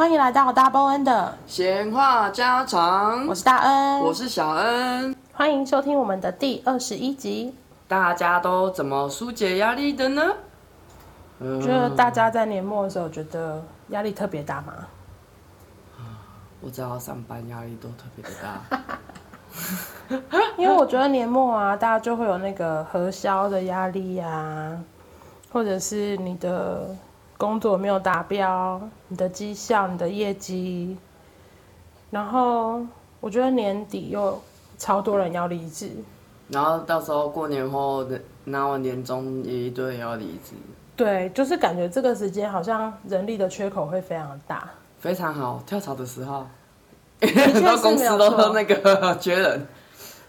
歡迎來到 DoubleN 的閒話家常，我是大 N，我是小 n，歡迎收聽我們的第二十一集。大家都怎麼紓解壓力的呢？覺得大家在年末的時候覺得壓力特別大嗎？嗯，我知道上班壓力都特別的大， 因為我覺得年末啊，大家就會有那個核銷的壓力啊，或者是你的。工作沒有達標，你的績效、你的業績，然後我覺得年底又超多人要離職，然後到時候過年後拿完年終，也一堆人要離職。對，就是感覺這個時間好像人力的缺口會非常大。非常好，跳槽的時候，很多公司都那個缺人。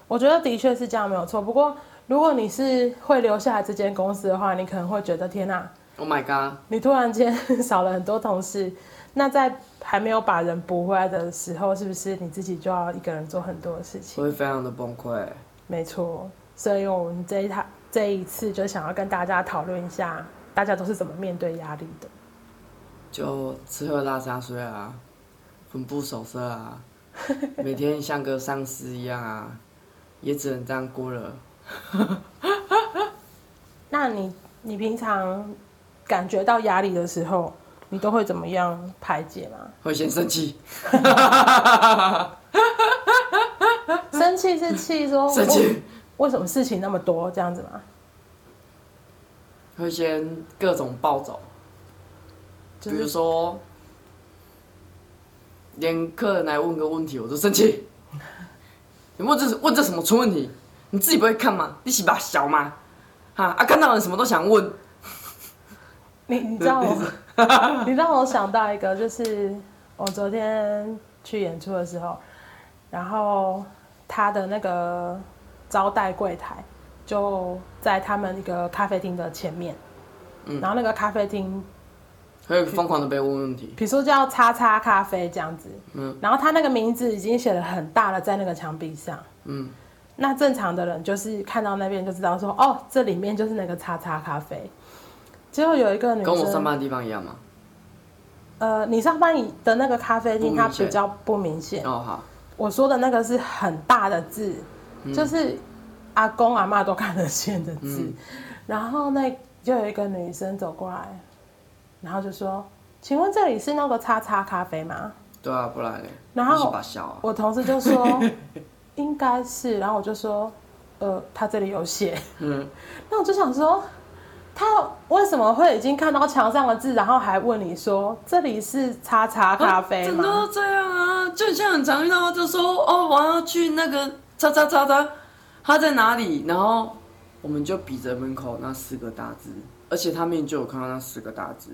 我覺得的確是這樣，沒有錯。不過如果你是會留下來這間公司的話，你可能會覺得天哪。Oh my god！你突然間少了很多同事，那在還沒有把人補回來的時候，是不是你自己就要一個人做很多事情？我會非常的崩潰。沒錯，所以我們這一趟這一次就想要跟大家討論一下，大家都是怎麼面對壓力的？就吃喝拉撒睡啊，魂不守舍啊， 每天像個喪屍一樣啊，也只能這樣過了。 那你你平常？感覺到壓力的時候，你都會怎麼樣排解嗎？會先生氣， 生氣是氣說生氣，為什麼事情那麼多這樣子嗎？會先各種暴走，就是、比如說，連客人來問個問題我都生氣， 你問這問這什麼蠢問題？你自己不會看嗎？你喜吧小嗎？啊啊，看到人什麼都想問。你你知道我， 你讓我想到一個，就是我昨天去演出的時候，然後他的那個招待櫃檯就在他們一個咖啡廳的前面，嗯，然後那個咖啡廳，還有個瘋狂的被問問題，比如說叫“叉叉咖啡”這樣子，嗯，然後他那個名字已經寫的很大了，在那個牆壁上，嗯，那正常的人就是看到那邊就知道說，哦，這裡面就是那個“叉叉咖啡”。之後有一個女生，跟我上班的地方一樣嗎？呃，你上班的那個咖啡廳，它比較不明顯。哦，好。我說的那個是很大的字，嗯、就是阿公阿媽都看得見的字。嗯、然後那就有一個女生走過來，然後就說：“請問這裡是那個叉叉咖啡嗎？”對啊，不然咧。然後我笑、啊、我同事就說：“ 應該是。”然後我就說：“呃，他這裡有寫。”嗯。 那我就想說。他為什麼會已經看到牆上的字，然後還問你說這裡是叉叉咖啡嗎？怎麼都這樣啊！就像很常遇到，他就說哦，我要去那個叉叉叉叉，他在哪裡？然後我們就比着門口那四個大字，而且他面就有看到那四個大字，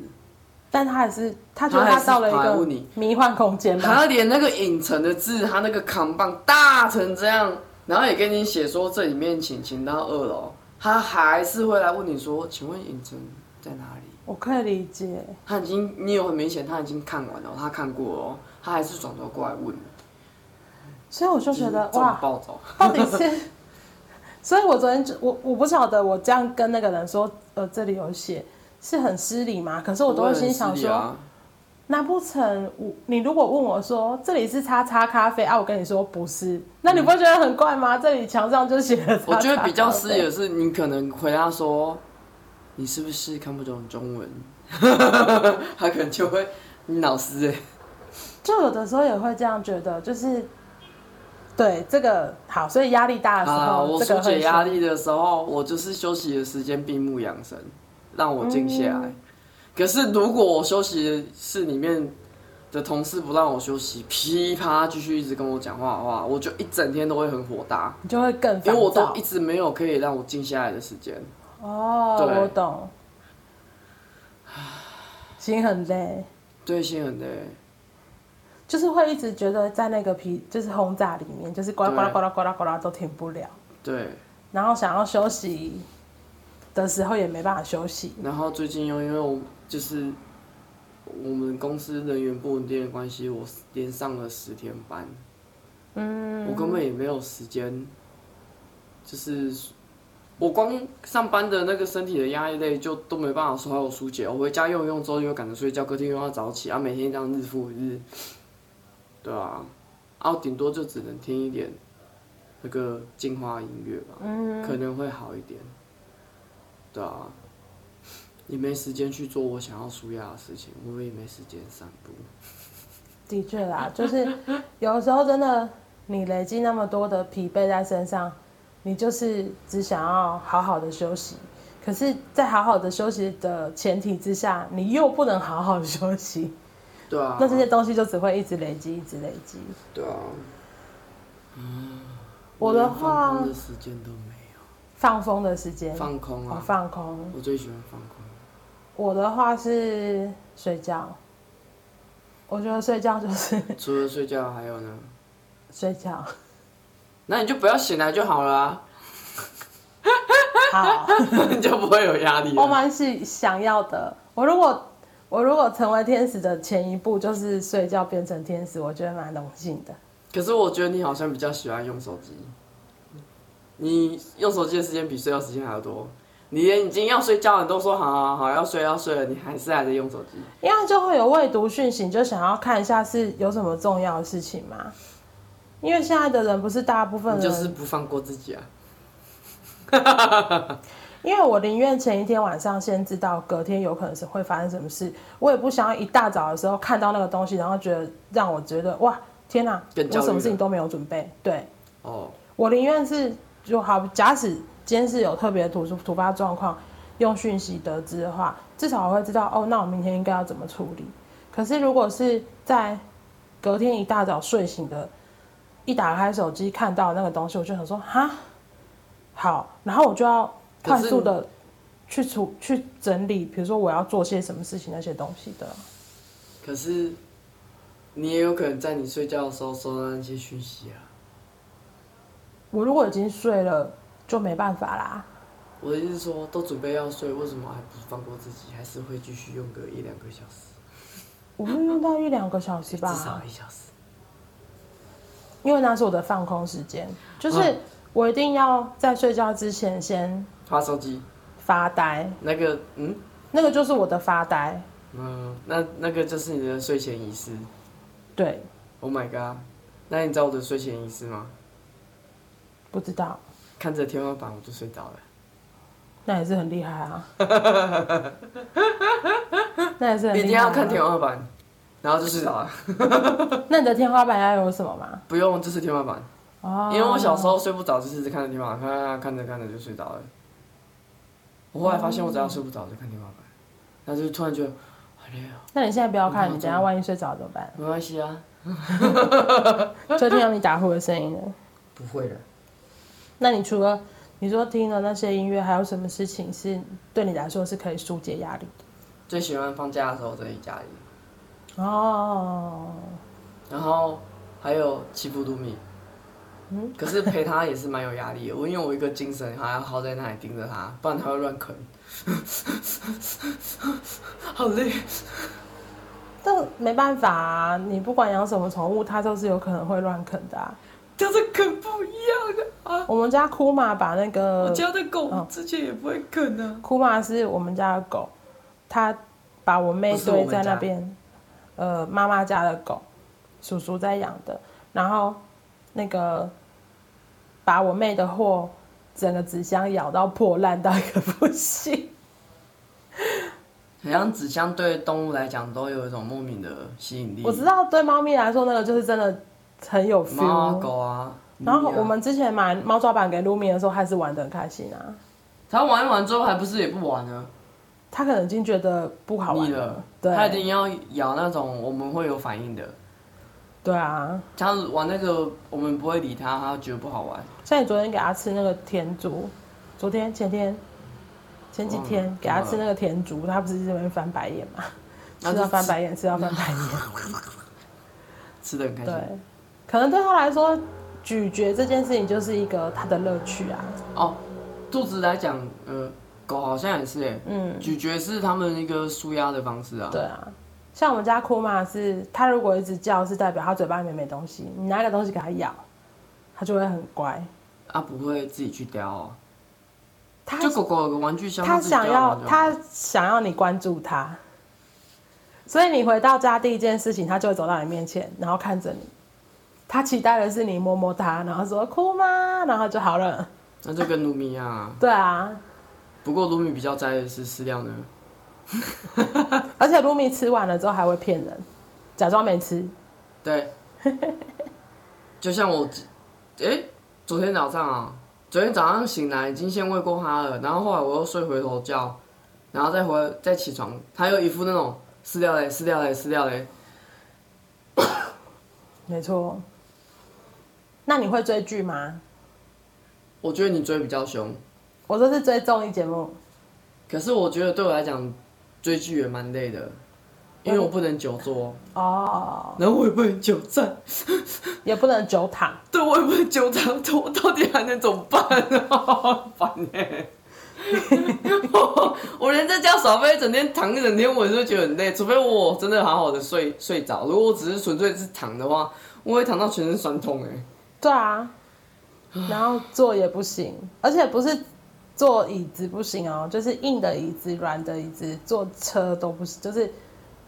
但他還是他覺得他到了一個迷幻空間，他連那個影城的字，他那個扛棒大成這樣，然後也跟你寫說這裡面請請到二樓。他還是會來問你說：“請問影城在哪裡？”我可以理解，他已經，你有很明顯，他已經看完了，他看過了，他還是轉頭過來問，嗯。所以我就覺得就這暴躁，哇，到底是， 所以我昨天我我不曉得我這樣跟那個人說，呃，這裡有寫是很失禮嗎？可是我都會心想說。難不成我？你如果問我說，這裡是叉叉咖啡啊，我跟你說不是，那你不會覺得很怪嗎？嗯、這裡牆上就寫了叉叉。我覺得比較失禮的是，你可能回答說：“你是不是看不懂中文？” 他可能就會你腦死哎。就有的時候也會這樣覺得，就是對這個好，所以壓力大的時候、啊，我紓解壓力的時候，我就是休息的時間閉目養神，讓我靜下來。嗯可是，如果我休息室裡面的同事不讓我休息，噼啪繼續一直跟我講話的話，我就一整天都會很火大，你就會更煩躁。因為我都一直沒有可以讓我靜下來的時間。哦，我懂。心很累，對，心很累，就是會一直覺得在那個皮就是轟炸裡面，就是呱啦呱啦呱啦呱啦呱啦都停不了。對。然後想要休息的時候也沒辦法休息。然後最近又因為我。就是我們公司人員不穩定的關係，我連上了十天班，嗯，我根本也沒有時間。就是我光上班的那個身體的壓力類，就都沒辦法說有紓解。我回家用一用之後，又趕着睡覺，隔天又要早起啊，每天這樣日復一日，對啊，然後頂多就只能聽一點那個淨化音樂吧，可能會好一點，對啊。也沒時間去做我想要舒壓的事情，我也沒時間散步。的確啦，就是有時候真的，你累積那麼多的疲憊在身上，你就是只想要好好的休息。可是，在好好的休息的前提之下，你又不能好好休息，對啊。那這些東西就只會一直累積，一直累積。對啊。嗯，我的話，放空的時間都沒有。放空的時間，放空啊，oh, 放空。我最喜歡放空。我的話是睡覺，我覺得睡覺就是。除了睡覺還有呢？睡覺。那你就不要醒來就好了、啊。好，你 就不會有壓力。我蠻是想要的。我如果我如果成為天使的前一步就是睡覺變成天使，我覺得蠻榮幸的。可是我覺得你好像比較喜歡用手機，你用手機的時間比睡覺時間還要多。你已經要睡覺了，你都說好、好、好，要睡、要睡了，你還是還在用手機？一樣就會有未讀訊息，你就想要看一下是有什麼重要的事情嗎？因為現在的人不是大部分人，你就是不放過自己啊！ 因為我寧願前一天晚上先知道，隔天有可能是會發生什麼事，我也不想要一大早的時候看到那個東西，然後覺得讓我覺得哇，天哪、啊，就什麼事情都沒有準備。對，哦，我寧願是就好，假使。今天是有特別突出突發狀況，用訊息得知的話，至少我會知道哦。那我明天應該要怎麼處理？可是如果是在隔天一大早睡醒的，一打開手機看到那個東西，我就想說哈，好，然後我就要快速的去處是去整理，比如說我要做些什麼事情那些東西的。可是你也有可能在你睡覺的時候收到那些訊息啊。我如果已經睡了。就沒辦法啦。我的意思是說，都準備要睡，為什麼還不放過自己？還是會繼續用個一兩個小時。 我會用到一兩個小時吧。至少一小時。因為那是我的放空時間，就是我一定要在睡覺之前先發手機發呆，啊。那個，嗯，那個就是我的發呆。嗯，那那個就是你的睡前儀式。對。Oh my god！那你知道我的睡前儀式嗎？不知道。看着天花板我就睡着了，那也是很厲害啊！那也是很厲害。一定要看天花板， 然後就睡着了。 那你的天花板要有什麼嗎？不用，就是天花板。哦。Oh. 因為我小時候睡不着，就是一直看着天花板，看着看着就睡着了。我後來發現我只要睡不着就看天花板，那就突然覺得很累啊。 那你現在不要看，你等下萬一睡着怎麼辦？沒關係啊。 就聽到你打呼的聲音了。 不會的。那你除了你說聽的那些音樂，還有什麼事情是對你來說是可以紓解壓力的？最喜歡放假的時候在一家裡。哦。然後還有起步都米。嗯。可是陪他也是蠻有壓力的， 因為我一個精神還要耗在那裡盯着他，不然他會亂啃。 好累。但沒辦法啊，你不管養什麼寵物，它都是有可能會亂啃的啊。就是啃不一樣的啊！我們家庫瑪把那個我家的狗，哦、之前也不會啃啊。庫瑪是我們家的狗，它把我妹堆在那邊，呃，媽媽家的狗，叔叔在養的，然後那個把我妹的貨整個紙箱咬到破爛到一個不行。好像紙箱對動物來講都有一種莫名的吸引力。我知道對貓咪來說，那個就是真的。很有 feel，貓啊狗啊。然後我們之前買貓抓板給露米的時候，還是玩的很開心啊。他玩一玩之後，還不是也不玩了？他可能已經覺得不好玩了。對。他已經要咬那種，我們會有反應的。對啊。他玩那個，我們不會理他，他覺得不好玩。像你昨天給他吃那個甜竹，昨天、前天、前幾天給他吃那個甜竹，他不是在這邊翻白眼嗎？吃到翻白眼，吃到翻白眼，吃的很開心。對。可能對他來說，咀嚼這件事情就是一個他的樂趣啊。哦，肚子來講，呃，狗好像也是欸，嗯，咀嚼是他們一個舒壓的方式啊。對啊，像我們家庫瑪是，他如果一直叫，是代表他嘴巴裡面沒東西。你拿一個東西給他咬，他就會很乖。啊，不會自己去叼啊。他就狗狗有個玩具箱，他他，它想要，它想要你關注他，所以你回到家第一件事情，他就會走到你面前，然後看着你。他期待的是你摸摸他，然後說哭嗎？然後就好了，那就跟盧米一樣啊。 對啊，不過盧米比較在意的是飼料呢， 而且盧米吃完了之後還會騙人，假裝沒吃。對， 就像我，誒、欸、昨天早上啊、喔，昨天早上醒來已經先餵過他了，然後後來我又睡回頭覺，然後再回再起床，他有一副那種飼料嘞，飼料嘞，飼料嘞， 沒錯。那你會追劇嗎？我覺得你追比較兇。我這是追綜藝節目。可是我覺得對我來講，追劇也蠻累的，因為我不能久坐。哦。然後我也不能久站，也不能久躺。久躺對，我也不能久躺。我到底還能怎麼辦呢？ 煩欸。我連在家耍廢，整天躺一整天，我也是會覺得很累。除非我真的好好的睡睡着。如果我只是純粹是躺的話，我會躺到全身痠痛欸。對啊，然後坐也不行，而且不是坐椅子不行哦，就是硬的椅子、軟的椅子，坐車都不行，就是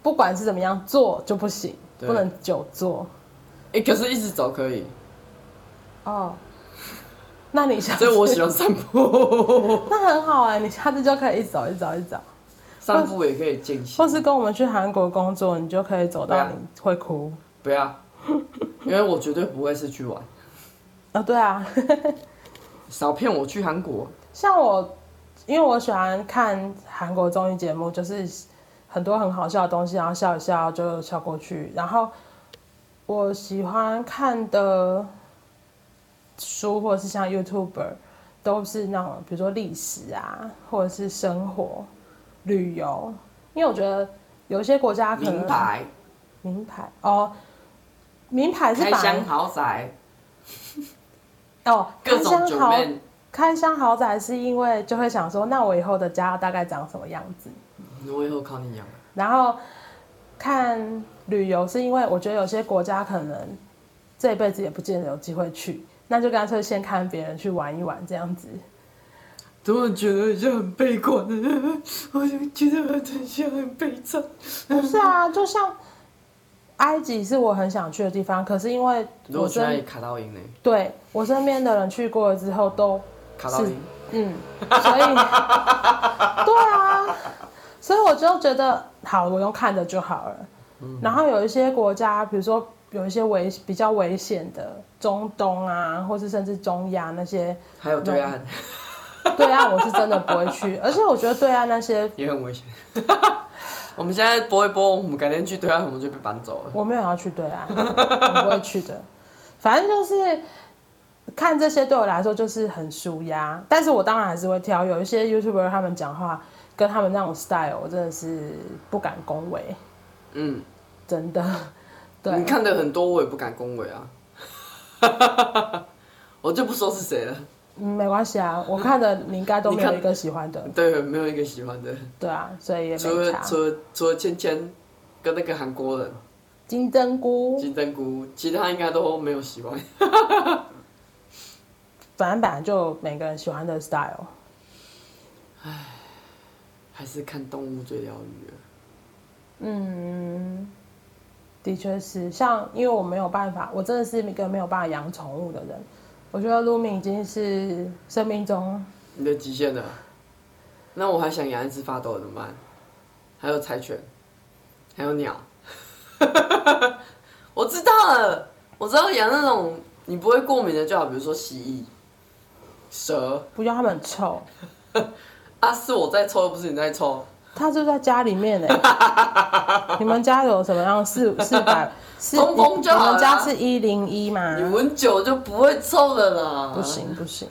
不管是怎麼樣坐就不行，對不能久坐。哎、欸，可是一直走可以。哦，那你下次……所以我喜歡散步， 那很好啊、欸，你下次就可以一直走，一直走一直走，散步也可以進行。或是跟我們去韓國工作，你就可以走到你會哭，嗯、不要，因為我絕對不會是去玩。哦、對啊， 少騙我去韓國。像我，因為我喜歡看韓國綜藝節目，就是很多很好笑的東西，然後笑一笑就笑過去。然後我喜歡看的書，或者是像 YouTuber，都是那種比如說歷史啊，或者是生活、旅遊。因為我覺得有一些國家名牌，名牌哦，名牌是開箱豪宅。 哦，看箱豪看箱豪宅是因為就會想說，那我以後的家大概長什麼樣子？我以後靠你養。然後看旅游是因為我覺得有些國家可能這一輩子也不見得有機會去，那就乾脆先看別人去玩一玩這樣子。怎麼覺得好像很悲觀的 我就覺得好像很悲慘。 不是啊，就像。埃及是我很想去的地方，可是因為我身，如果卡到陰呢？對，我身邊的人去過了之後都卡到陰，嗯，所以 對啊，所以我就覺得好，我用看着就好了。嗯、然後有一些國家，比如說有一些危比較危險的中東啊，或是甚至中亞那些，還有對岸，對岸我是真的不會去， 而且我覺得對岸那些也很危險。 我們現在播一播，我們改天去對啊，我們就被搬走了。我沒有要去對啊， 我不會去的。反正就是看這些對我來說就是很舒壓，但是我當然還是會挑，有一些 YouTuber 他們講話，跟他們那種 style 我真的是不敢恭維。嗯，真的，對，你看的很多，我也不敢恭維啊。 我就不說是誰了。嗯，沒關係啊，我看的你應該都沒有一個喜歡的。對，沒有一個喜歡的。對啊，所以也沒除。除了除了除了芊芊，跟那個韓國的金針菇，金針菇，其他應該都沒有喜歡的。反 反就每個人喜歡的 style。唉，還是看動物最療癒了。嗯，的確是，像因為我沒有辦法，我真的是一個沒有辦法養寵物的人。我覺得鹿鳴已經是生命中了你的極限了。那我還想養一隻法鬥怎麼辦？還有柴犬，還有鳥。 我知道了，我知道養那種你不會過敏的就好，比如說蜥蜴、蛇。不要，他們臭。它 啊，是我在臭，又不是你在臭。它就在家裡面呢。 你們家有什麼樣四四百？ 公公是就我們家是一零一嘛。你聞久就不會臭的了啦。不行不行，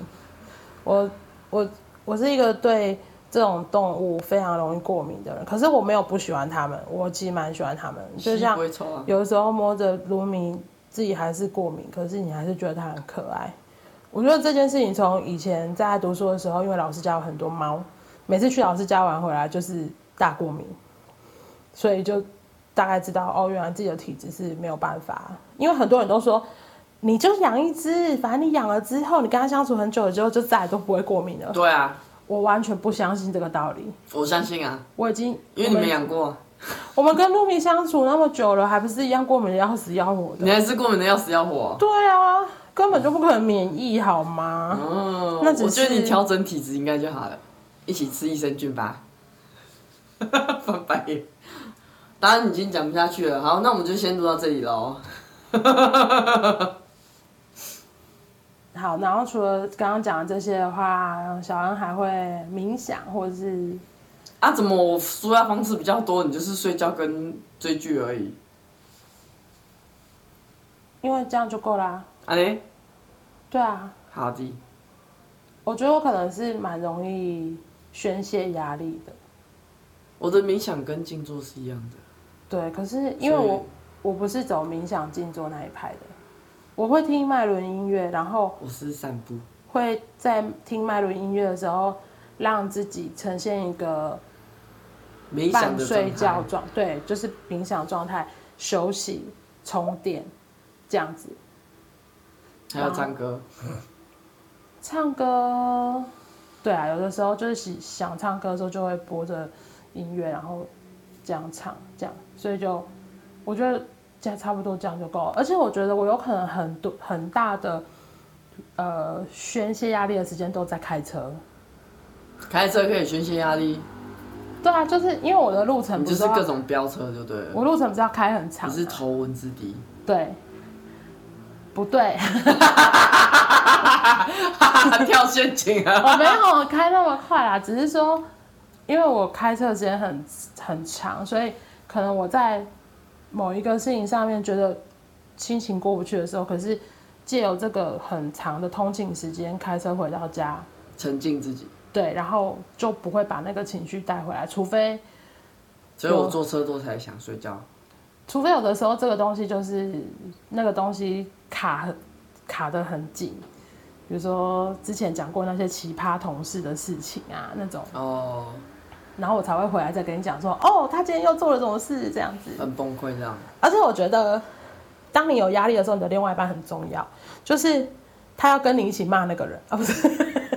我我我是一個對這種動物非常容易過敏的人，可是我沒有不喜歡它們，我其實蠻喜歡它們。就像有的時候摸着擼米，自己還是過敏，可是你還是覺得它很可愛。我覺得這件事情從以前在讀書的時候，因為老師家有很多貓，每次去老師家玩回來就是大過敏，所以就。大概知道哦，原來自己的體質是沒有辦法，因為很多人都說，你就養一隻，反正你養了之後，你跟他相處很久了之後，就再也都不會過敏了。對啊，我完全不相信這個道理。我相信啊，我已經因為你沒養過我，我們跟露米相處那麼久了，還不是一樣過敏的要死要活的。你還是過敏的要死要活。對啊，根本就不可能免疫，好嗎？嗯、哦，那我覺得你調整體質應該就好了，一起吃益生菌吧。 翻白眼當然已經講不下去了，好，那我們就先錄到這裡嘍。 好，然後除了剛剛講的這些的話，小安還會冥想或者是……啊，怎麼我紓壓方式比較多？你就是睡覺跟追劇而已，因為這樣就夠啦。哎、啊呢，對啊，好的。我覺得我可能是蠻容易宣泄壓力的。我的冥想跟靜坐是一樣的。對，可是因為我以我不是走冥想靜坐那一派的，我會聽脈輪音樂，然後我是會在聽脈輪音樂的時候讓自己呈現一個半睡覺狀，狀對，就是冥想狀態，休息充電這樣子。還要唱歌？唱歌？對啊，有的時候就是想想唱歌的時候，就會播着音樂，然後。這樣唱，這樣，所以就我覺得，這樣差不多這樣就夠了。而且我覺得，我有可能很多很大的，呃，宣洩壓力的時間都在開車。開車可以宣洩壓力？對啊，就是因為我的路程不，你就是各種飆車就對了。我路程不是要開很長，只是頭文字 D 對，不對？ 跳陷阱啊！ 我沒有開那麼快啊，只是說。因為我開車時間很很長，所以可能我在某一個事情上面覺得心情過不去的時候，可是借由這個很長的通勤時間開車回到家，沉浸自己，對，然後就不會把那個情緒帶回來，除非，所以我坐車多才想睡覺，除非有的時候這個東西就是那個東西卡卡得很緊，比如說之前講過那些奇葩同事的事情啊，那種哦。然後我才會回來再跟你講說，哦，他今天又做了什麼事，這樣子。很崩潰這樣。而且我覺得，當你有壓力的時候，你的另外一半很重要，就是他要跟你一起罵那個人啊，不是？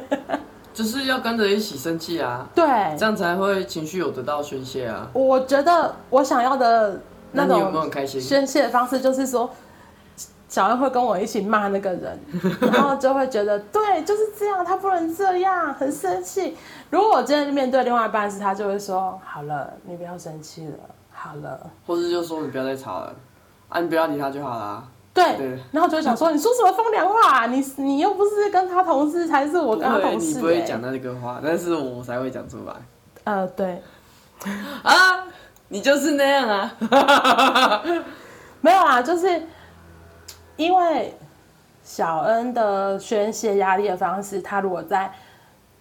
就是要跟着一起生氣啊。對。這樣才會情緒有得到宣洩啊。我覺得我想要的那種有沒有開心宣洩的方式，就是說。小 n 會跟我一起罵那個人，然後就會覺得對，就是這樣，他不能這樣，很生氣。如果我今天面對另外一半是他，就會說好了，你不要生氣了，好了。或是就說你不要再吵了，啊，你不要理他就好了。對，對然後就會想說你說什麼風涼話，啊？你你又不是跟他同事，才是我跟他同事，欸。你不會講那個話，但是我才會講出來。呃，對。啊，你就是那樣啊。 沒有啊，就是。因為小恩的宣泄壓力的方式，他如果在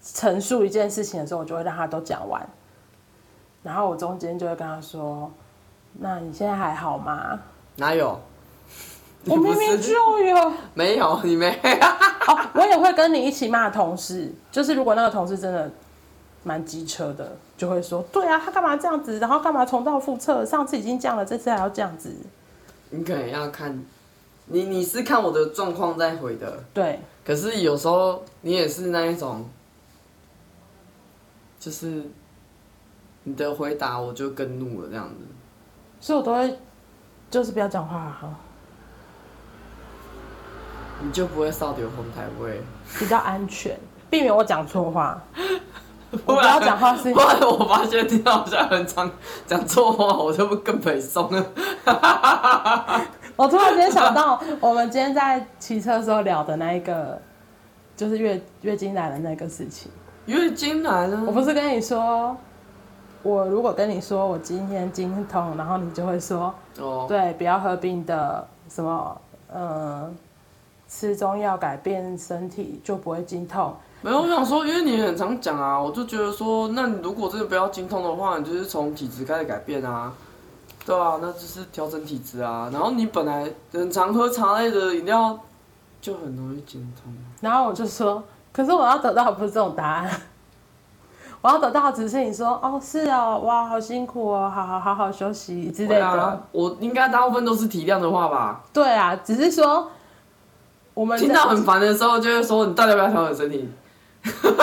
陳述一件事情的時候，我就會讓他都講完，然後我中間就會跟他說：“那你現在還好嗎？”“哪有？ 我明明就有。”“沒有，你沒。”“我也會跟你一起罵同事，就是如果那個同事真的蠻機車的，就會說：‘對啊，他幹嘛這樣子？然後幹嘛重蹈覆轍？上次已經這樣了，這次還要這樣子？’你可能要看。”你你是看我的狀況再回的，對。可是有時候你也是那一種，就是你的回答我就更怒了這樣子。所以我都會，就是不要講話好，你就不會掃到颱風尾，比較安全，避免我講錯話。不，然我不要講話是，因為我發現你好像很常講錯話，我就會更沒送了。 我突然間想到，我們今天在騎車的時候聊的那一個，就是月月經來的那個事情。月經來呢，我不是跟你說，我如果跟你說我今天經痛，然後你就會說，哦，對，不要喝冰的，什麼，嗯，吃中藥改變身體就不會經痛。沒有，我想說，因為你很常講啊，我就覺得說，那你如果真的不要經痛的話，你就是從體質開始改變啊。對啊，那就是調整體質啊。然後你本來很常喝茶類的飲料，就很容易減重。然後我就說，可是我要得到不是這種答案，我要得到只是你說，哦，是啊、哦，哇，好辛苦哦，好好好好休息之類的。啊、我應該大部分都是體諒的話吧？對啊，只是說我們聽到很煩的時候，就會說你到底要不要調整身體？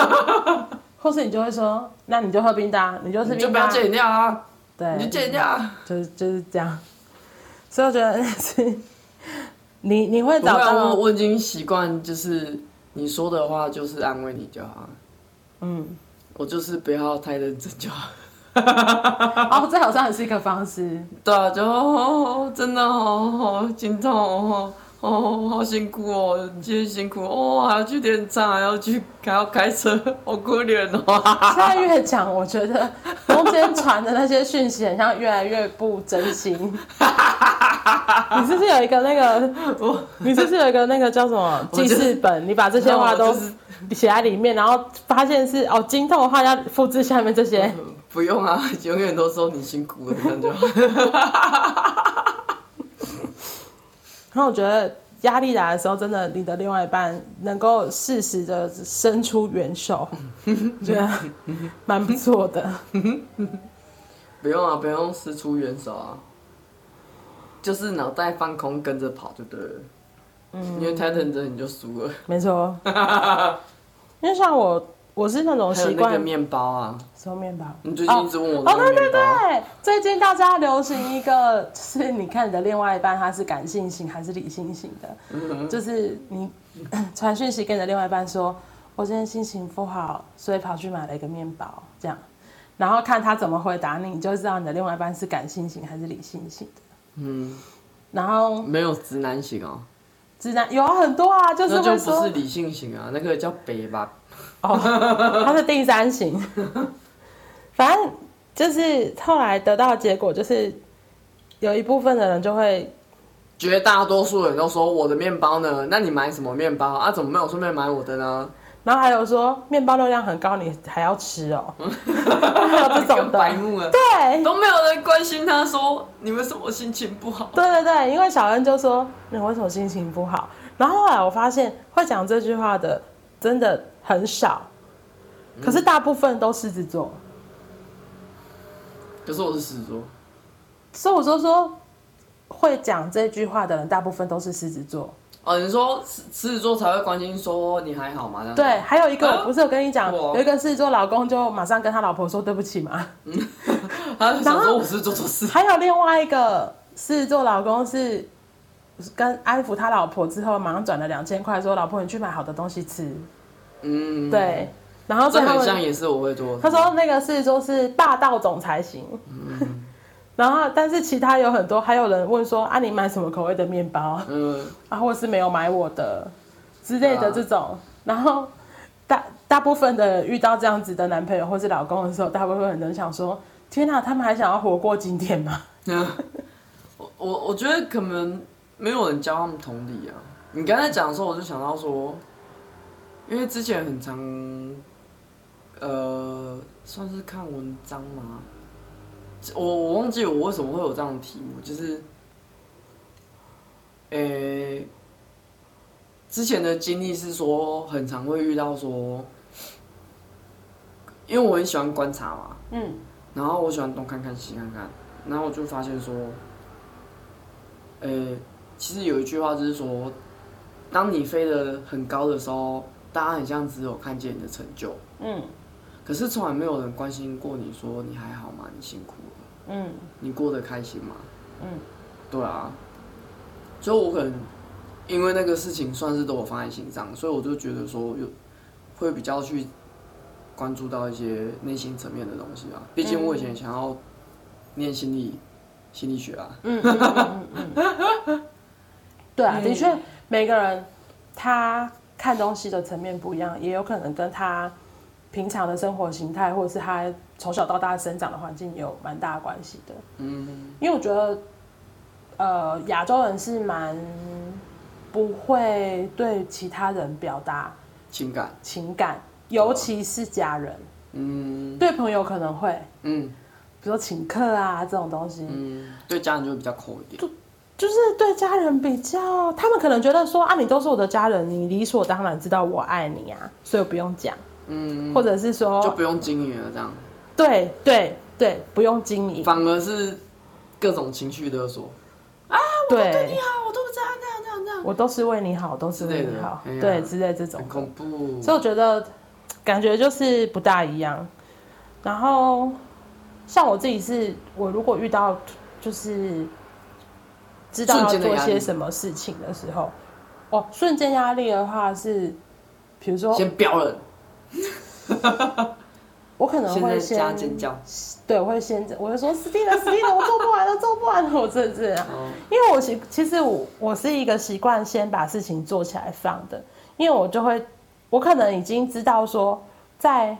或是你就會說，那你就喝冰的、啊，你就是你就不要飲料啊。對，你就這樣，嗯、就就是這樣，所以我覺得是，你你會找到，我我已經習慣，就是你說的話就是安慰你就好。嗯，我就是不要太認真就好。哦，這好像也是一個方式。對啊，就真的好好緊哦。哦，好辛苦哦，你今天辛苦哦，還要去點餐，還要去還要開車，好可憐哦。現在越講，我覺得中間傳的那些訊息，很像越來越不真心。 你是不是有一個那個？不我，你是不是有一個那個叫什麼、就是、記事本？你把這些話都寫在裡面，就是、然後發現是哦，精通的話要複製下面這些。不用啊，永遠都說你辛苦了，那 樣就。 然後我覺得壓力來的時候，真的你的另外一半能夠適時的伸出援手，覺得蠻不錯的。 不用啊，不用伸出援手啊，就是腦袋放空跟着跑，就對了。嗯，因為太認真你就輸了。沒錯， 因為像我。我是那種習慣。還有那個麵包啊，什麼麵包。哦、你最近一直問我麵包哦。哦，對對對，最近大家流行一個， 就是你看你的另外一半他是感性型還是理性型的？嗯、哼就是你傳訊息跟你的另外一半說，我今天心情不好，所以跑去買了一個麵包，這樣，然後看他怎麼回答你，你就知道你的另外一半是感性型還是理性型的。嗯。然後沒有直男型哦。直男有很多啊，就是那就不是理性型啊，那個叫北吧。 哦，他是第三型，反正就是後來得到的結果就是，有一部分的人就會，絕大多數人都說我的麵包呢？那你買什麼麵包啊？怎麼沒有順便買我的呢？然後還有說麵包熱量很高，你還要吃哦、喔？ 有這種的，對，都沒有人關心他說你為什麼心情不好？對對對，因為小恩就說你為什麼心情不好？然後後來我發現會講這句話的真的。很少，可是大部分都是獅子座、嗯。可是我是獅子座，所以我說說會講這句話的人，大部分都是獅子座。哦，你說獅子座才會關心說你還好嗎？對，還有一個、啊、不是有跟你講過我，有一個獅子座老公就馬上跟他老婆說對不起嘛。然後我是獅子座還有另外一個獅子座老公是跟安撫他老婆之後，馬上轉了兩千塊，說老婆你去買好的東西吃。嗯，對，然後這好像也是我會做。他說那個是說是霸道總裁型，嗯、然後但是其他有很多還有人問說啊，你買什麼口味的麵包？嗯，啊，或是沒有買我的之類的這種。啊、然後大大部分的遇到這樣子的男朋友或是老公的時候，大部分人都想說：天哪，他們還想要活過今天嗎？嗯、我我我覺得可能沒有人教他們同理啊。你剛才講的時候，我就想到說。因為之前很常，呃，算是看文章嘛，我我忘記我為什麼會有這樣的題目，就是，呃、欸，之前的經歷是說很常會遇到說，因為我很喜歡觀察嘛，嗯，然後我喜歡東看看西看看，然後我就發現說，呃、欸，其實有一句話就是說，當你飛得很高的時候。大家很像只有看見你的成就，嗯、可是從來沒有人關心過你說你還好嗎？你辛苦了，嗯、你過得開心嗎？嗯、對啊，所以我可能因為那個事情算是都有放在心上，所以我就覺得說，就會比較去關注到一些內心層面的東西啊。畢竟我以前想要念心理心理學啊，對啊，嗯、的確每個人他。看東西的層面不一樣，也有可能跟他平常的生活形態，或者是他從小到大生長的環境有蠻大的關係的。嗯，因為我覺得，呃，亞洲人是蠻不會對其他人表達情感，情感，尤其是家人。嗯，對朋友可能會，嗯，比如說請客啊這種東西，嗯，對家人就會比較摳一點。就是對家人比較，他們可能覺得說啊，你都是我的家人，你理所當然知道我愛你啊，所以我不用講，嗯，或者是說就不用經營了這樣，對對對，不用經營，反而是各種情緒勒索啊，我都對你好，對我都不知道那樣那樣那樣，我都是為你好，都是為你好，對之類，對、啊、對之類這種很恐怖，所以我覺得感覺就是不大一樣。然後像我自己是，我如果遇到就是。知道要做些什麼事情的時候，哦，瞬間壓力的話是，比如說先飆飆了， 我可能會先尖叫，對，我會先我就說，死定了，死定了，我做不完了， 做不完了，我這樣這樣，嗯、因為我其其實我我是一個習慣先把事情做起來放的，因為我就會，我可能已經知道說，在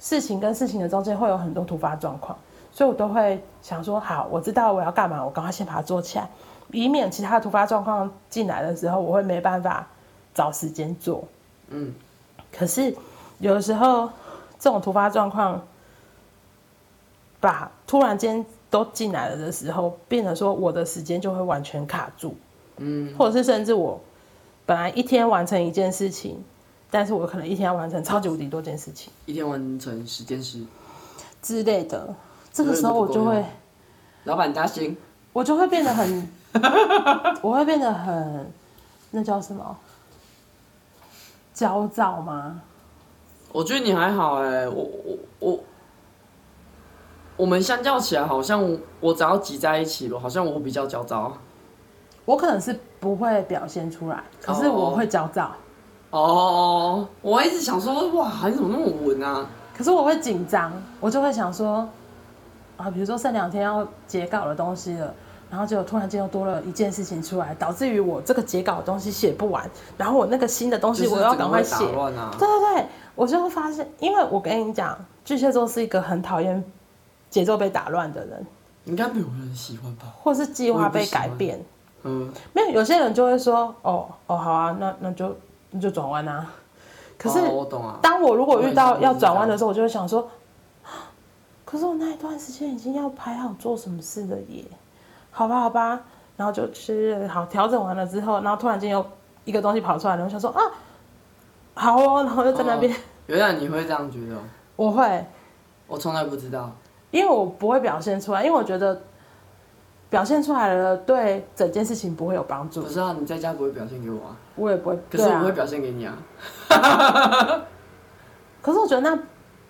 事情跟事情的中間會有很多突發狀況。所以，我都會想說，好，我知道我要幹嘛，我趕快先把它做起來，以免其他的突發狀況進來的時候，我會沒辦法找時間做。嗯，可是有的時候，這種突發狀況把突然間都進來了的時候，變得說我的時間就會完全卡住。嗯，或者是甚至我本來一天完成一件事情，但是我可能一天要完成超級無敵多件事情，一天完成十件事之類的。這個時候我就會，老闆加薪，我就會變得很，我會變得很，那叫什麼？焦躁嗎？我覺得你還好哎，我我我，我們相較起來，好像我只要擠在一起了，好像我比較焦躁。我可能是不會表現出來，可是我會焦躁。哦，我一直想說，哇，你怎麼那麼穩啊？可是我會緊張，我就會想說。啊，比如說剩兩天要截稿的東西了，然後就突然間又多了一件事情出來，導致於我這個截稿的東西寫不完，然後我那個新的東西我要趕快寫。啊、對對對，我就會發現，因為我跟你講，巨蟹座是一個很討厭節奏被打亂的人，應該沒有人喜歡吧？或是計劃被改變，會不會不嗯，沒有。有些人就會說，哦哦，好啊，那那就那就轉彎啊。可是、啊我啊、當我如果遇到要轉彎的時候，會會我就會想說。可是我那一段時間已經要排好做什麼事的耶。好吧，好吧，然後就吃好調整完了之後，然後突然間又一個東西跑出來了。我想說啊，好哦，然後就在那邊。原來，你會這樣覺得？我會，我從來不知道，因為我不會表現出來，因為我覺得表現出來了對整件事情不會有幫助。可是啊，你在家不會表現給我啊，我也不會，可是我不會表現給你啊。可是我覺得那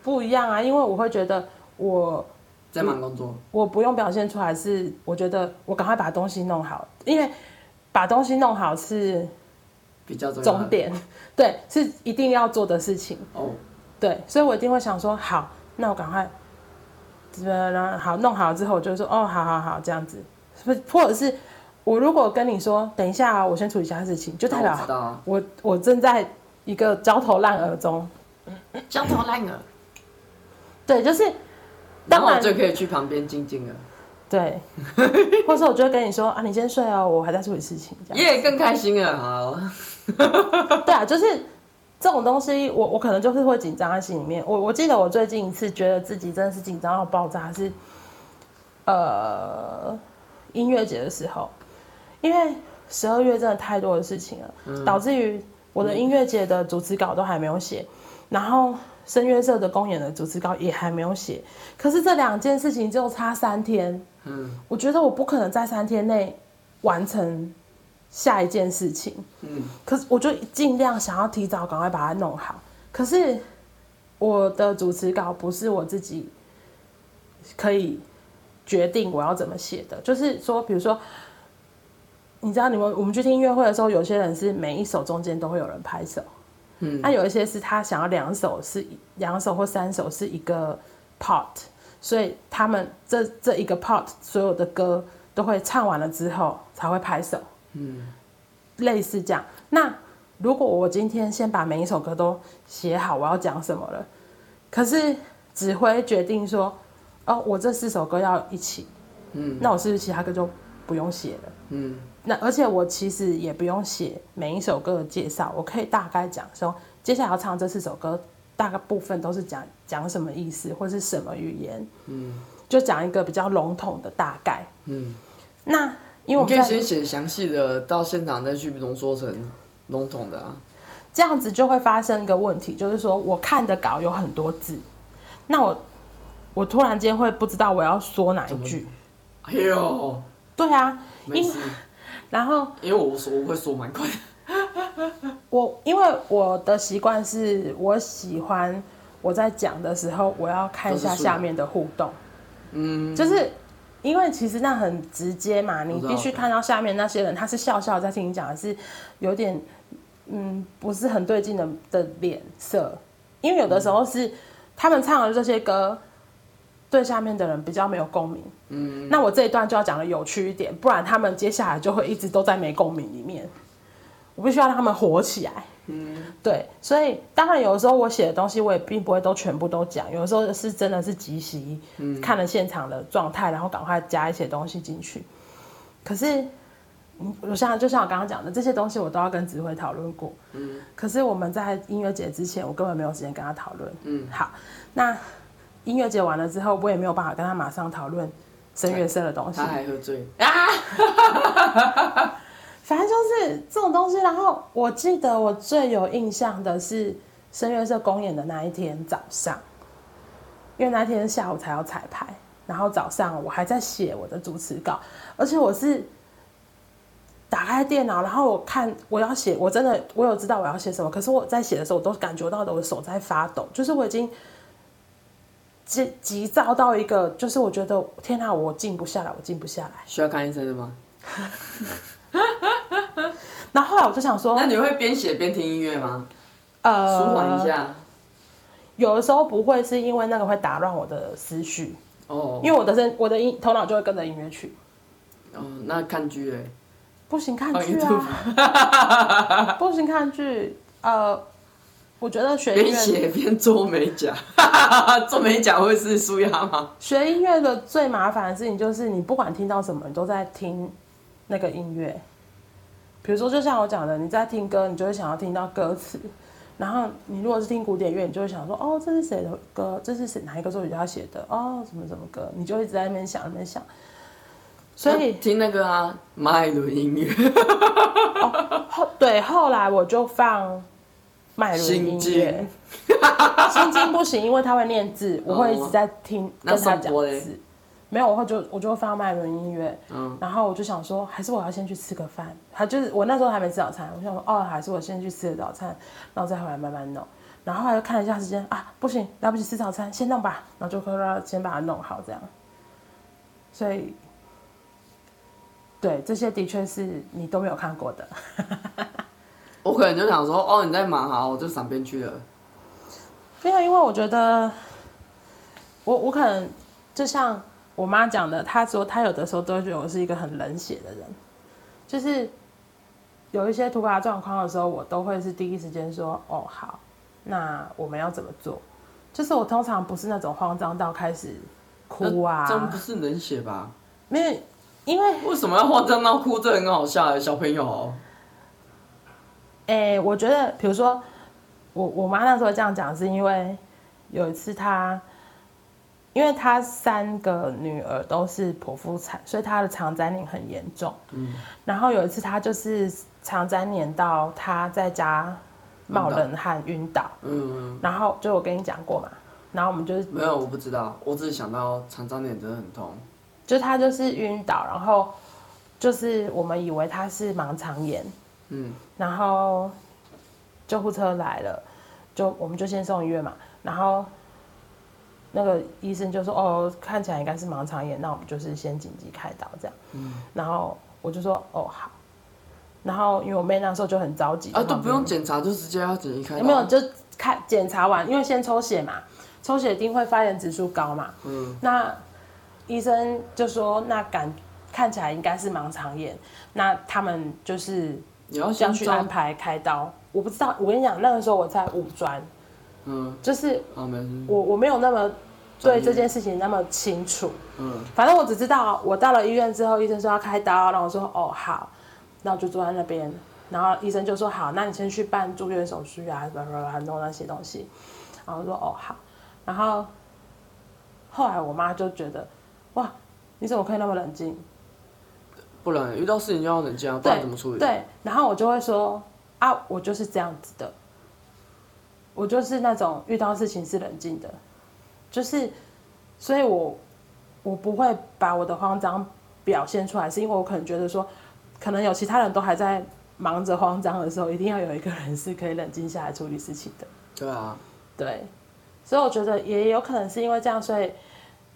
不一樣啊，因為我會覺得。我在忙工作，我不用表現出來是，我覺得我趕快把東西弄好，因為把東西弄好是比較重點， 對，是一定要做的事情。哦，對，所以我一定會想說，好，那我趕快怎麼呢？好，弄好之後，我就說，哦，好好好，這樣子，是不是？或者是我如果跟你說，等一下，我先處理一下事情，就代表我我，啊、我，我正在一個焦頭爛額中，焦頭爛額， 對，就是。然後我就可以去旁邊靜靜了，對， 或者我就會跟你說啊，你先睡哦，我還在處理事情，這樣，耶，yeah, 更開心了，好， 對啊，就是這種東西，我我可能就是會緊張在心裡面，我我記得我最近一次覺得自己真的是緊張到爆炸是，呃，音樂節的時候，因為十二月真的太多的事情了，嗯、導致於我的音樂節的主持稿都還沒有寫，嗯、然後。聲樂社的公演的主持稿也還沒有寫，可是這兩件事情就差三天。嗯，我覺得我不可能在三天內完成下一件事情。嗯，可是我就盡量想要提早趕快把它弄好。可是我的主持稿不是我自己可以決定我要怎麼寫的，就是說，比如說，你知道你們我們去聽音樂會的時候，有些人是每一首中間都會有人拍手。嗯、啊、有一些是他想要兩首是兩首或三首是一個 part，所以他們這這一個 part 所有的歌都會唱完了之後才會拍手，嗯，類似這樣。那如果我今天先把每一首歌都寫好，我要講什麼了，可是指揮決定說，哦，我這四首歌要一起，嗯，那我是不是其他歌就不用寫了？嗯。那而且我其實也不用寫每一首歌的介紹，我可以大概講說，接下來要唱這四首歌，大概部分都是講講什麼意思或是什麼語言，嗯，就講一個比較籠統的大概，嗯。那因為我們可以先寫詳細的，到現場再去濃縮成籠統的啊。這樣子就會發生一個問題，就是說我看的稿有很多字，那我我突然間會不知道我要說哪一句。哎呦，嗯，對啊，沒事，因為。然後，因為我說我會說蠻快，我因為我的習慣是我喜歡我在講的時候，我要看一下下面的互動，嗯，就是因為其實那很直接嘛，你必須看到下面那些人他是笑笑在聽你講，還是有點嗯不是很對勁的的臉色，因為有的時候是他們唱的這些歌。對下面的人比較沒有共鳴，嗯，那我這一段就要講得有趣一點，不然他們接下來就會一直都在沒共鳴裡面。我不需要讓他們火起來，嗯，對，所以當然有時候我寫的東西我也並不會都全部都講，有時候是真的是即席、嗯、看了現場的狀態，然後趕快加一些東西進去。可是，我現在就像我剛剛講的這些東西，我都要跟指揮討論過，嗯、可是我們在音樂節之前，我根本沒有時間跟他討論，嗯，好，那。音樂節完了之後，我也沒有辦法跟他馬上討論聲樂社的東西。他還喝醉啊！ 反正就是這種東西。然後我記得我最有印象的是聲樂社公演的那一天早上，因為那天下午才要彩排，然後早上我還在寫我的主持稿，而且我是打開電腦，然後我看我要寫，我真的我有知道我要寫什麼，可是我在寫的時候，我都感覺到我的手在發抖，就是我已經。急急躁到一個，就是我覺得天哪、啊，我靜不下來，我靜不下來。需要看醫生的嗎？ 然後後來我就想說，那你會邊寫邊聽音樂嗎？呃，舒緩一下。有的時候不會，是因為那個會打亂我的思緒。哦。Oh, oh. 因為我的聲，我的音,我的頭腦就會跟着音樂去。哦，oh, 那看劇呢？不行，看劇啊。Oh, YouTube. 不行，看劇。呃。我覺得學邊寫邊做美甲，做 美甲會是紓壓嗎？學音樂的最麻煩的事情就是，你不管聽到什麼，你都在聽那個音樂。比如說，就像我講的，你在聽歌，你就會想要聽到歌詞。然後你如果是聽古典樂，你就會想說，哦，這是誰的歌？這是誰哪一個作曲家寫的？哦，什麼什麼歌？你就一直在那邊想、那邊想。所以聽那個啊，邁倫音樂、 哦。對，後來我就放。麥倫音樂，心經智 不行，因為他會念字，嗯、我會一直在聽跟他講字，沒有，我會就我就會放麥倫音樂，嗯，然後我就想說，還是我要先去吃個飯，他就是我那時候還沒吃早餐，我想說，哦，還是我先去吃個早餐，然後再回來慢慢弄，然後就看了一下時間啊，不行，來不及吃早餐，先弄吧，然後就說先把它弄好這樣，所以，對，這些的確是你都沒有看過的。 我可能就想說，哦，你在忙，好，我就閃邊去了。沒有，因為我覺得我，我我可能就像我媽講的，她說她有的時候都會覺得我是一個很冷血的人，就是有一些突發狀況的時候，我都會是第一時間說，哦，好，那我們要怎麼做？就是我通常不是那種慌張到開始哭啊，真、呃、不是冷血吧？沒有，因為為什麼要慌張到哭？這很好笑哎、欸，小朋友、哦。哎、欸，我覺得，比如說，我我媽那時候這樣講，是因為有一次她，因為她三個女兒都是剖腹產，所以她的腸粘連很嚴重。嗯、然後有一次她就是腸粘連到她在家冒冷汗暈倒。嗯，嗯。然後就我跟你講過嘛，然後我們就是沒有，我不知道，我只是想到腸粘連真的很痛。就是她就是暈倒，然後就是我們以為她是盲腸炎。嗯，然後救護車來了，就我們就先送醫院嘛。然後那個醫生就說：“哦，看起來應該是盲腸炎，那我們就是先緊急開刀這樣。”嗯，然後我就說：“哦，好。”然後因為我妹那時候就很着急啊，不都不用檢查就直接要緊急開刀，有沒有？就看檢查完，因為先抽血嘛，抽血一定會發炎指數高嘛。嗯，那醫生就說：“那感看起來應該是盲腸炎，那他們就是。”你要先去安排開刀，我不知道。我跟你講，那個時候我在五專，嗯，就是我、啊、沒我沒有那麼對這件事情那麼清楚，嗯，反正我只知道，我到了醫院之後，醫生說要開刀，然後我說哦好，然後就坐在那邊，然後醫生就說好，那你先去辦住院手續啊，什麼什麼弄那些東西，然後我說哦好，然後後來我媽就覺得哇，你怎麼可以那麼冷靜？不然遇到事情就要冷靜啊，不然怎麼處理？對，對，然後我就會說啊，我就是這樣子的，我就是那種遇到事情是冷靜的，就是，所以我我不會把我的慌張表現出來，是因為我可能覺得說，可能有其他人都還在忙着慌張的時候，一定要有一個人是可以冷靜下來處理事情的。對啊，對，所以我覺得也有可能是因為這樣，所以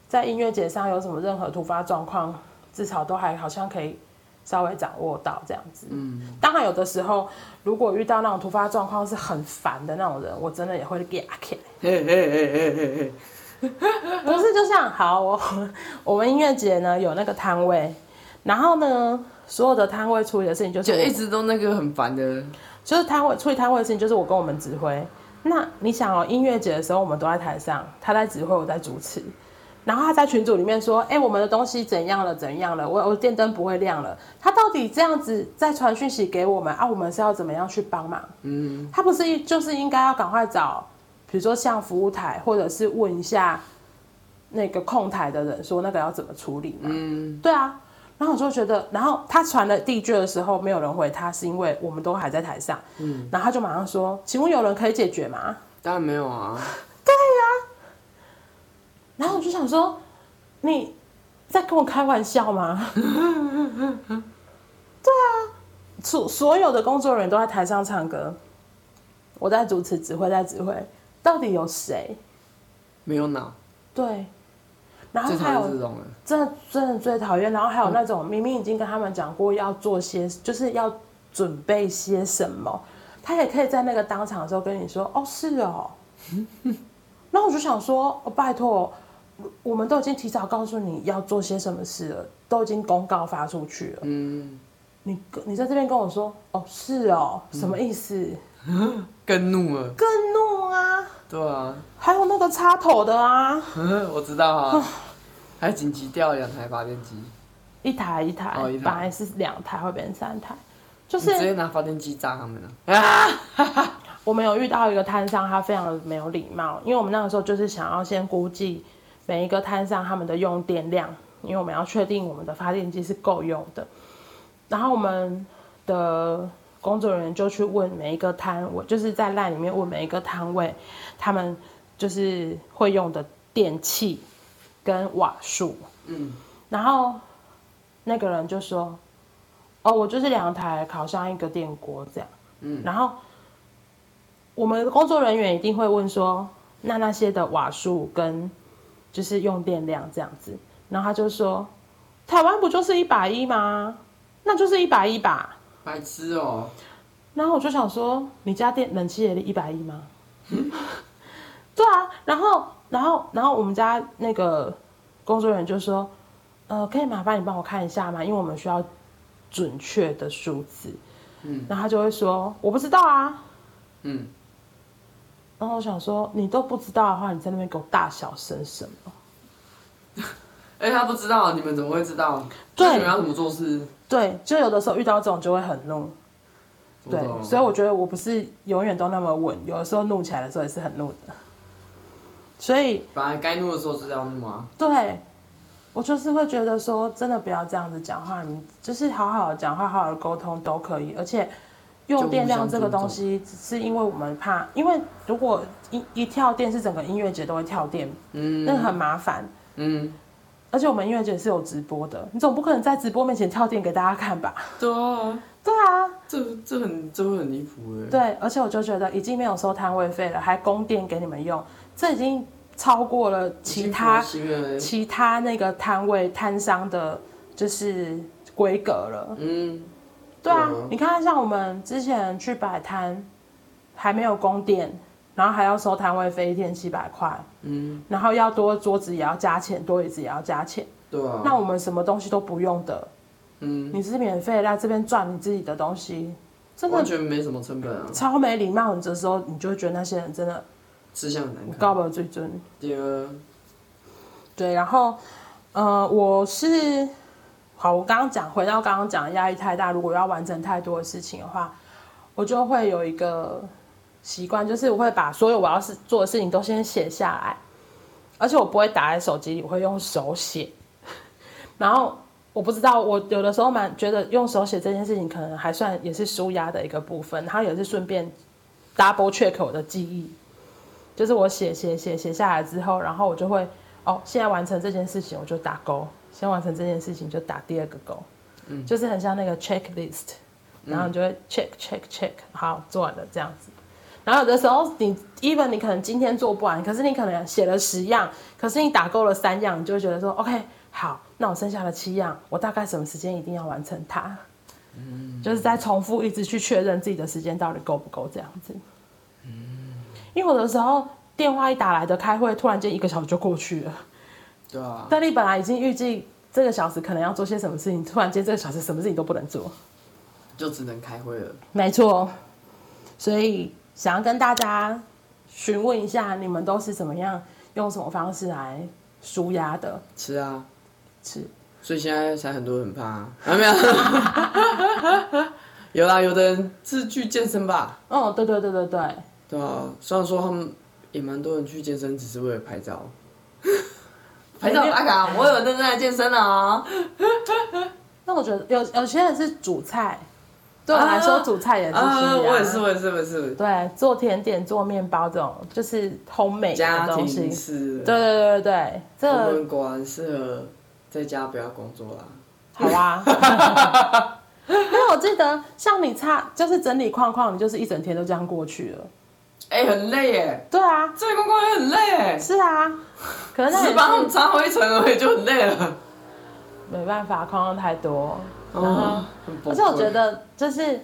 在音樂節上有什麼任何突發狀況。至少都還好像可以稍微掌握到這樣子。嗯，當然有的時候如果遇到那種突發狀況是很煩的那種人，我真的也會給阿不是，就像好。我我們音樂節呢有那個攤位，然後呢所有的攤位處理的事情就是就一直都那個很煩的，就是攤位處理攤位的事情就是我跟我們指揮。那你想哦，音樂節的時候我們都在台上，他在指揮，我在主持。然後他在群組裡面說：“哎、欸，我們的東西怎樣了？怎樣了？我我電燈不會亮了。他到底這樣子在傳訊息給我們啊？我們是要怎麼樣去幫忙？嗯，他不是就是應該要趕快找，比如說像服務台，或者是問一下那個控台的人，說那個要怎麼處理嗎？嗯，對啊。然後我就覺得，然後他傳了第一句的時候，沒有人回他，是因為我們都還在台上。嗯，然後他就馬上說：請問有人可以解決嗎？當然沒有啊。對呀、啊。”然後我就想說，你在跟我開玩笑嗎？ 對啊，所所有的工作人員都在台上唱歌，我在主持指揮在指揮，到底有誰沒有腦？對。然後還有這種人真的真的最討厭，然後還有那種、嗯、明明已經跟他們講過要做些，就是要準備些什麼，他也可以在那個當場的時候跟你說：“哦，是哦。”那 我就想說：“哦，拜託。”我們都已經提早告訴你要做些什麼事了，都已經公告發出去了。嗯，你你在這邊跟我說，哦，是哦，嗯、什麼意思？更怒了，更怒啊！對啊，還有那個插頭的啊，嗯，我知道啊， 還緊急調兩台發電機，一台一台，哦、一台本來是兩台，會變成三台，就是直接拿發電機砸他們了。啊！ 我們有遇到一個攤商，他非常的沒有禮貌，因為我們那個時候就是想要先估計。每一個攤上他們的用電量，因為我們要確定我們的發電機是夠用的。然後我們的工作人員就去問每一個攤位，就是在 LINE 裡面問每一個攤位，他們就是會用的電器跟瓦數。嗯。然後那個人就說：“哦，我就是兩台烤箱，一個電鍋這樣。”嗯。然後我們工作人員一定會問說：“那那些的瓦數跟？”就是用電量這樣子，然後他就說，台灣不就是一百一嗎？那就是一百一吧。白痴哦。然後我就想說，你家電冷氣也是一百一嗎？嗯， 對啊。然後，然後，然後我們家那個工作人員就說，呃，可以麻煩你幫我看一下嗎？因為我們需要準確的數字。嗯，然後他就會說，我不知道啊。嗯。然後我想說，你都不知道的話，你在那邊給我大小聲什麼？哎、欸，他不知道，你們怎麼會知道？對，你們要怎麼做事？對，就有的時候遇到這種就會很怒。的對，所以我覺得我不是永遠都那麼穩，有的時候怒起來的時候也是很怒的。所以，本來該怒的時候是要怒嗎？對，我就是會覺得說，真的不要這樣子講話，你就是好好的講話，好好的溝通都可以，而且。重重用電量這個東西，只是因為我們怕，因為如果一一跳電，是整個音樂節都會跳電，嗯，那很麻煩，嗯，而且我們音樂節是有直播的，你總不可能在直播面前跳電給大家看吧？對， 對啊，這這很這真的很離譜哎。對，而且我就覺得，已經沒有收攤位費了，還供電給你們用，這已經超過了其他了了其他那個攤位攤商的，就是規格了，嗯。對啊，對啊你看，像我們之前去擺攤，還沒有供電，然後還要收攤位費，一天七百塊。嗯，然後要多桌子也要加錢，多椅子也要加錢。對啊。那我們什麼東西都不用的，嗯，你是免費在這邊賺你自己的東西，真的完全沒什麼成本啊。超沒禮貌，你這時候你就會覺得那些人真的，吃相很難看，高不了最尊啊，對，然後，呃，我是。好，我剛剛講，回到剛剛講的，壓力太大，如果要完成太多的事情的話，我就會有一個習慣，就是我會把所有我要是做的事情都先寫下來，而且我不會打在手機裡，我會用手寫。然後我不知道，我有的時候蠻覺得用手寫這件事情可能還算也是舒壓的一個部分，它也是順便 double check 我的記憶，就是我寫寫寫寫寫下來之後，然後我就會，哦，現在完成這件事情，我就打勾。先完成這件事情，就打第二個勾，嗯，就是很像那個 checklist，嗯，然後你就會 check check check，好，做完了這樣子。然後有的時候你，你 even 你可能今天做不完，可是你可能寫了十樣，可是你打勾了三樣，你就會覺得說，OK，好，那我剩下的七樣，我大概什麼時間一定要完成它？嗯，就是再重複一直去確認自己的時間到底夠不夠這樣子。因為有的時候電話一打來的開會，突然間一個小時就過去了。對啊，但你本來已經預計這個小時可能要做些什麼事情，突然間這個小時什麼事情都不能做，就只能開會了。沒錯，所以想要跟大家詢問一下，你們都是怎麼樣用什麼方式來舒壓的？吃啊，吃是。所以現在才很多人很胖啊，啊？沒有、啊？ 有啦，有的人是去健身吧。哦，對對對對對，對。對啊，雖然說他們也蠻多人去健身，只是為了拍照。 反正阿卡，我有認真在健身了、喔。哦，那我覺得有有些人是煮菜，對我來說煮菜也是。嗯、啊啊，我也是，我也是，我也是。對，做甜點、做麵包這種就是通美家庭式。對對對對對，這果然適合在家不要工作啦、啊。好啊，因為 我記得像你差就是整理框框，你就是一整天都這樣過去了。哎、欸，很累耶。對啊，整理工作也很累耶。是啊。可能那們擦灰塵而已，就很累了。沒辦法，框框太多。然哦。但後是我覺得，就是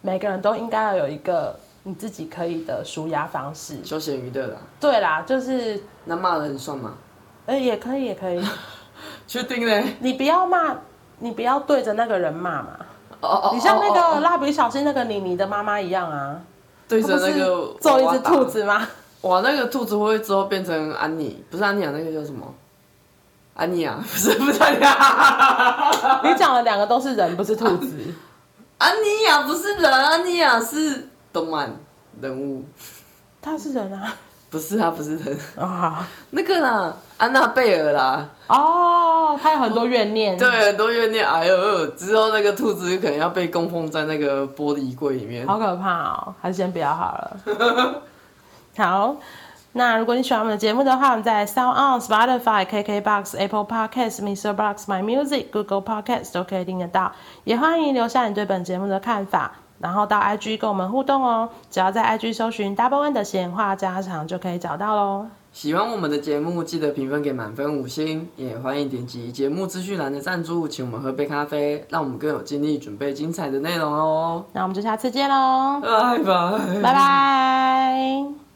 每個人都應該要有一個你自己可以的舒壓方式。休閒娛樂啦。對啦，就是。那罵人算嗎？哎、欸，也可以，也可以。確定嘞。你不要罵，你不要對着那個人罵嘛。哦哦。你像那個蠟筆小新那個妮妮的媽媽一樣啊。對着那個。做一隻兔子嗎？娃娃哇，那個兔子會不會之後變成安妮？不是安妮雅，那個叫什麼？安妮雅，不是，不是安妮雅 你講的兩個都是人，不是兔子。安，安妮雅，不是人，安妮雅，是動漫人物。他是人啊？不是，他不是人啊。那個呢？安娜貝爾啦。哦，他有很多怨念。對，很多怨念。哎呦，呦，之後那個兔子可能要被供奉在那個玻璃櫃裡面，好可怕哦！還是先不要好了。 好，那如果你喜歡我們的節目的話，我們在 Sound On、Spotify、KK Box、Apple Podcasts、Mr. Box、My Music、Google Podcasts 都可以訂得到。也歡迎留下你對本節目的看法，然後到 IG 跟我們互動哦。只要在 IG 搜尋 Double N 的閒話家常，就可以找到嘍。喜歡我們的節目，記得評分給滿分五星，也歡迎點擊節目資訊欄的贊助，請我們喝杯咖啡，讓我們更有精力準備精彩的內容哦。那我們就下次見嘍，拜拜，拜拜。